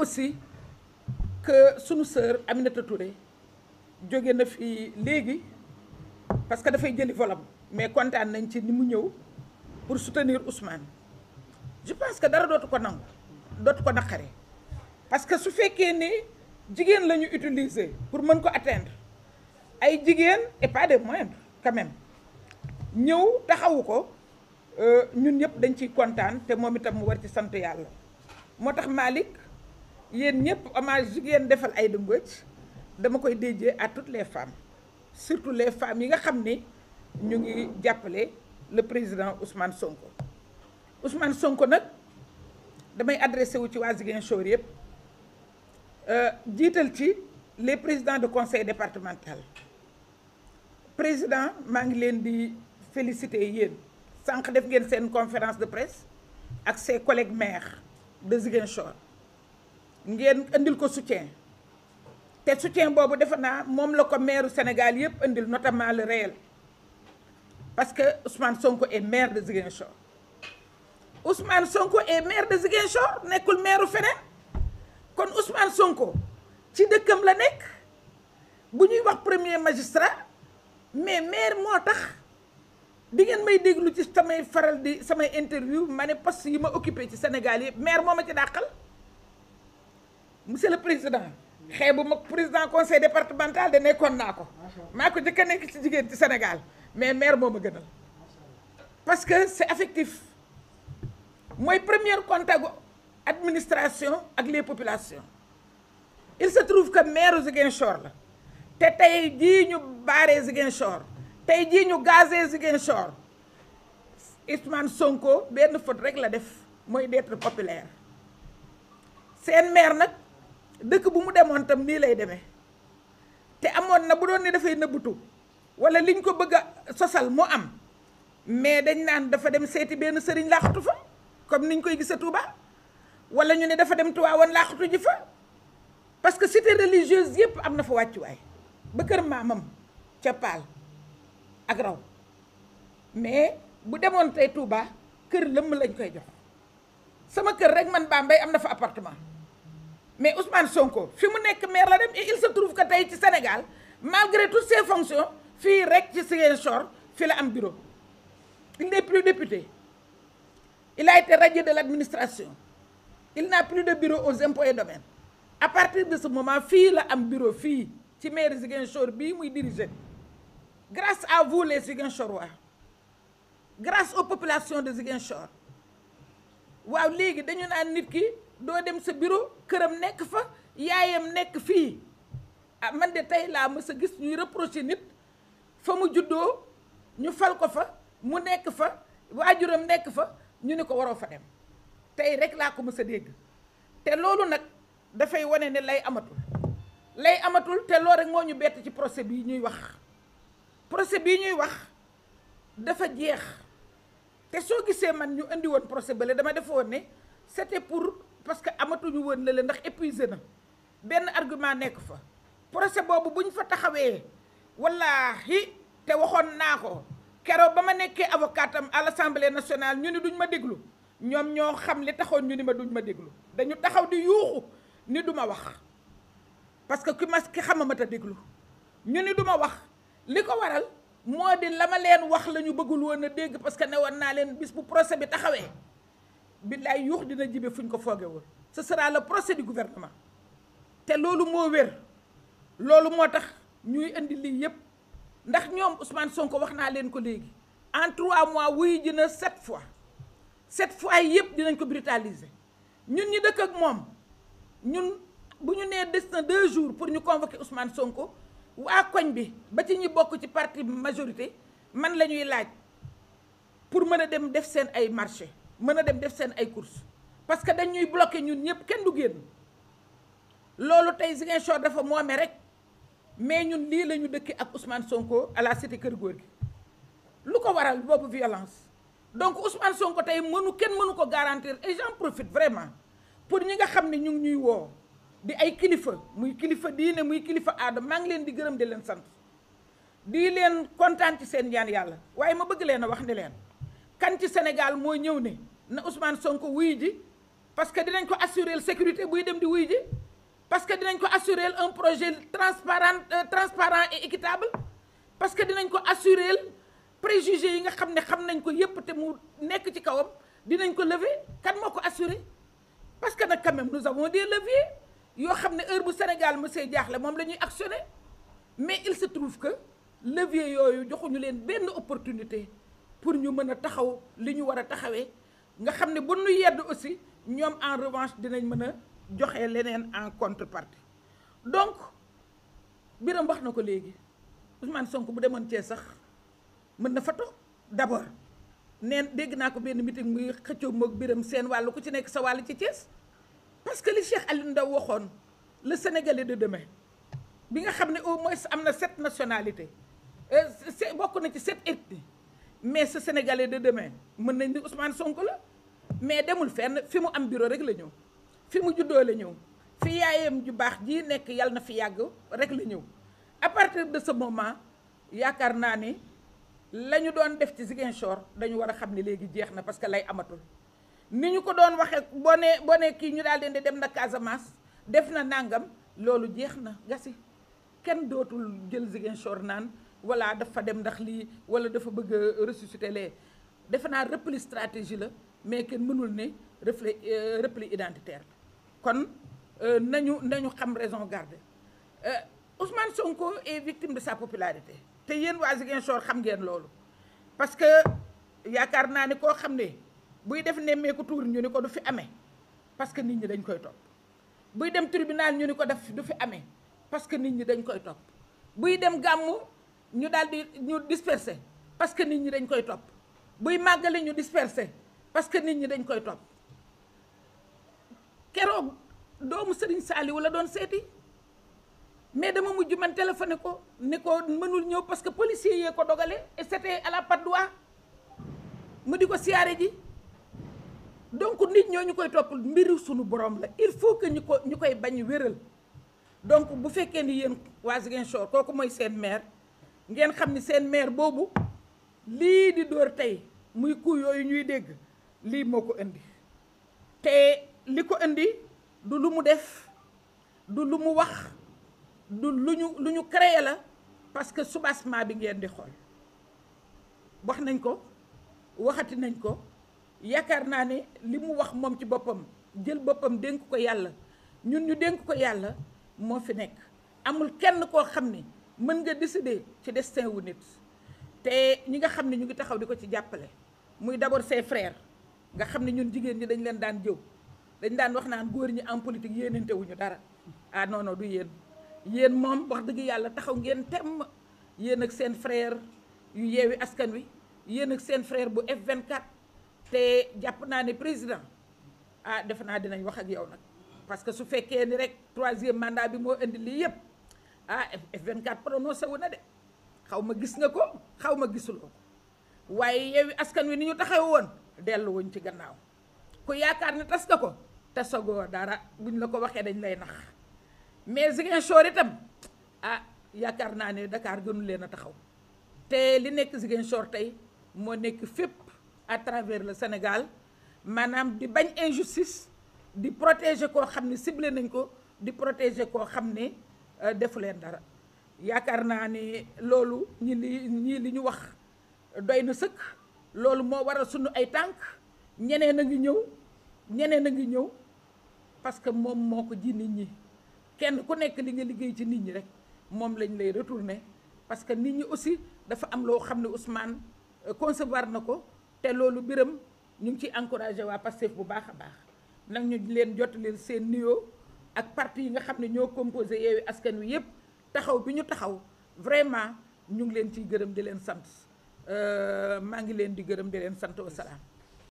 aussi que sunu sœur Aminata Touré jóge na fi léegi parce que dafay jëli volam mais kontaan nañ ci ni mu ñëw pour soutenir Ousmane je pense que dara dootu ko nangu dootu ko naqare parce que su fekkee ni jigéen la ñu utiliser pour mën ko atteindre ay jigéen et pas des moindres quand ñëw taxawu ko euh, ñun ñëpp dañ ciy kontaan te moom itam mu war ci sant yàlla moo tax Malick yéen ñëpp hommage ju ngeen defal Aïda Mbodj dama koy déjee à toutes les femmes surtout les femmes yi nga xam ni ñu ngi jàppale le président Ousmane Sonko Ousmane Sonko nag damay adressé wu ci waa Ziguinchor yëpp euh, jiital ci les président de conseil départemental président maa ngi leen di féliciter yéen sànq def ngeen seen conférence de presse ak ses collègues maires de Ziguinchor. ngeen indil ko soutien te soutien boobu defe naa moom la ko maire Sénégal yëpp indil notamment le réel parce que Ousmane Sonko est maire de Ziguinchor Ousmane Sonko et maire de Ziguinchor nekkul maire feneen kon Ousmane Sonko ci dëkkam la nekk bu ñuy wax premier magistrat mais maire moo tax di ngeen may déglu ci samay faral di samay interview ma ne poste yi ma occupé ci Sénégal yëpp maire moom ma ci dàqal. monsieur le président xeebu ma président conseil départemental de nekkoon naa ko maa ko njëkk a nekk ci jigéen ci Sénégal mais maire moo ma gënal parce que c'est affectif mooy premier contact administration ak les populations il se trouve que maire Ziguinchor la te tey jii ñu baaree Ziguinchor tey jii ñu gazee Ziguinchor Ousmane Sonko benn faute rek la def mooy d'être populaire seen maire nag dëkk bu mu demoon tam nii lay demee te amoon na bu doon ne dafay nëbbutu wala liñ ko bëgg a sosal mu am mais dañ naan dafa dem seeti benn sëriñ laaxatu fa comme niñ koy gisa Touba wala ñu ne dafa dem Tiwaawan laaxatu ji fa parce que cité religieuse yëpp am na fa wàccuwaay ba kër maamam ca paal ak raw mais bu demoon tey Touba kër lëmm lañ koy jox sama kër rek man Bambey am na fa appartement mais Ousmane Sonko fi mu nekk maire la dem et il se trouve que tey ci Sénégal malgré toutes ses fonctions fii rek ci Ziguinchor fii la am bureau il n'est plus député il a été radié de l'administration il n'a plus de bureau aux impôts et domaines à partir de ce moment fii la am bureau fii ci maire Ziguinchor bii muy dirigé grâce à vous les Ziguinchorois grâce aux population de Ziguinchor waaw léegi dañu naan nit ki doo dem sa biro këram nekk fa yaayam nekk fii ah man de tey laa mës a gis ñuy reproché nit fa mu juddoo ñu fal ko fa mu nekk fa waajuram nekk fa ñu ne ko waroo fa dem tey rek laa ko mës dégg te loolu nag dafay wane ne lay amatul lay amatul te loolu rek moo ñu bett ci procès bii ñuy wax procès bii ñuy wax dafa jeex te soo gisee man ñu indi woon procès bële dama defoon ne c'était pour parce que amatuñu woon na le ndax épuisé na benn argument nekk fa procès boobu bu ñu fa taxawee walla wallaahi te waxoon naa ko keroog ba ma nekkee avocat am à l'Assemblée nationale ñu ni duñ ma déglu ñoom ñoo xam li taxoon ñu ni ma duñ ma déglu dañu taxaw di yuuxu ni du ma wax parce que ki mas ki xamama ta déglu ñu ni du ma wax li ko waral moo di la ma leen wax la ñu bëggul woon a dégg parce que ne naa leen bis bu procès bi taxawee billaay yuux dina jibe fuñ ko foogewul ce sera le procès du gouvernement te loolu moo wér loolu moo tax ñuy indi lii yépp ndax ñoom Ousmane Sonko wax naa leen ko léegi en trois mois wuy jina sept fois sept fois yépp dinañ ko brutaliser ñun ñu dëkk ak moom ñun bu ñu nee des na deux jours pour ñu convoquer Ousmane Sonko waa koñ bi ba ci ñi bokk ci parti majorité man la ñuy laaj pour mën a dem def seen ay marché mën a dem def seen ay courses parce que dañuy bloqué ñun ñëpp kenn du génn loolu tey Ziguinchor dafa moome rek mais ñun lii la ñu dëkk ak Ousmane Sonko à la cité Kër Góor gi lu ko waral boobu violence. donc Ousmane Sonko tey mënu kenn mënu ko garantir et j'en profite vraiment pour ñi nga xam ne ñu ngi ñuy woo di ay kilifa muy kilifa ne muy kilifa aada maa ngi leen di gërëm di leen sant di leen kontaan ci seen ñaan yàlla waaye ma bëgg leen a wax ne leen kan ci Sénégal moo ñëw ne. na Ousmane sonk wuy ji parce que dinañ ko assurer sécurité buy dem di wuy parce que dinañ ko assurer un projet transparent euh, transparent et équitable parce que dinañ ko assurer préjugé yi nga xam ne xam nañ ko yépp te mu nekk ci kawam dinañ ko lever kan moo ko assurer parce que nag quand même sa avons des leviers yoo xam ne heure bu Sénégal monsieur jaaxle moom la ñuy actionner mais il se trouve que levier yooyu joxuñu leen benn opportunité pour ñu mën a taxaw li ñu war a taxawee nga xam ne bu nu yedd aussi ñoom en revanche dinañ mën a joxe leneen en contrepartie donc biram wax na ko léegi Ousmane Sonko bu demoon cee sax mën na fa toog d'abord neen dégg naa ko benn meeting muy xëccoo moog biram seen wàll ku ci nekk sa wàll ci Thiès parce que li Cheikh Aliou Ndao waxoon le Sénégalais de demain bi nga xam ne au moins am na sept nationalités euh, bokk na ci sept ethnies mais sa Sénégalais de demain mën nañ ni Ousmane sonk la. mais demul fenn fi mu am bureau rek la ñëw fi mu juddoo la ñëw fi yaayam ju baax ji nekk yal na fi yàgg rek la ñëw à partir de ce yaakaar naa ni la ñu doon def ci Ziguinchor dañu war a xam ne léegi jeex na parce que lay amatul ni ñu ko doon waxee boo nee kii ñu daal di dem na Casamance def na nàngam loolu jeex na gasi kenn dootul jël Ziguinchor naan wala dafa dem ndax lii wala dafa bëgg a ressusciter lee defe naa repli stratégie la mais kenn mënul ne reflet euh, repli identitaire kon euh, nañu nañu xam raison garder euh, Ousmane Sonko e victime de sa popularité te yéen waa Ziguinchor xam ngeen loolu parce que yaakaar naa ne koo xam ne buy def nemmeeku tuur ñu ni ko du fi amee parce que nit ñi dañ koy topp buy dem tribunal ñu ni ko def du fi amee parce que nit ñi dañ koy topp buy dem gàmmu ñu daal di ñu disperser parce que nit ñi dañ koy topp buy màggale ñu disperser parce que nit ñi dañ koy topp keroog doomu Serigne Saliou la doon seeti mais dama mujj man téléphoné ko ni ko mënul ñëw parce que policier yee ko dogale et c'était à la mu di ko siyaare ji donc nit ñoo ñu koy topp mbiru sunu borom la il faut que ñu ko ñu koy bañ wéral donc bu fekkee ni yéen waa Ziguinchor kooku mooy seen maire ngeen xam ni seen maire boobu lii di dóor tey muy coup yooyu ñuy dégg lii moo ko indi te li ko indi du lu mu def du lu mu wax du lu ñu lu ñu créé la parce que soubassement bi ngeen di xool wax nañ ko waxati nañ ko yaakaar naa ne li mu wax moom ci boppam jël boppam dénk ko yàlla ñun ñu dénk ko yàlla moo fi nekk amul kenn koo xam ne mën nga décider ci destin wu nit te ñi nga xam ne ñu ngi taxaw di ko ci jàppale muy d'abord ses frères nga xam ne ñun jigéen ñi dañ leen daan jëw dañ daan wax naan góor ñi en politique yéenante wuñu dara ah non non du yéen yéen moom wax dëgg yàlla taxaw ngeen temm yéen ak seen frère yu yeewi askan wi yéen ak seen frère bu F24 te jàpp naa ne président ah defe naa dinañ wax ak yow nag parce que su fekkee ni rek troisième mandat bi moo indi lii yëpp ah F24 prononcé wu na de xaw ma gis nga ko xaw ma gisuloo ko waaye yeewi askan wi ni ñu taxaw woon delluwuñ ci gannaaw ku yaakaar ne tas nga ko te sagoo dara buñ la ko waxee dañ lay nax mais Ziguinchor itam ah yaakaar naa ne Dakar gënu leen a taxaw te li nekk Ziguinchor tey moo nekk fépp à travers le Sénégal maanaam di bañ injustice di protéger koo xam ne ciblé nañ ko di protéger koo xam ne euh, defu leen dara yaakaar naa ne loolu ñi li ñii li ñu wax doy na sëkk loolu moo waral sunu ay tànk ñeneen a ngi ñëw ñeneen a ngi ñëw parce que moom moo ko ji nit ñi kenn ku nekk li nga liggéey ci nit ñi rek moom lañ lay retourner parce que nit ñi aussi dafa am loo xam ne Ousmane euh, concevoir na ko te loolu biram ñu ngi ciy encouragé waa Pastef bu baax a baax nag ñu leen jot leen seen nuyoo ak parti yi nga xam ne ñoo composé Yewwi Askan Wi yëpp taxaw bi ñu taxaw vraiment ñu ngi leen ciy gërëm di leen sant. Euh, maa ngi leen di gërëm di leen sant wa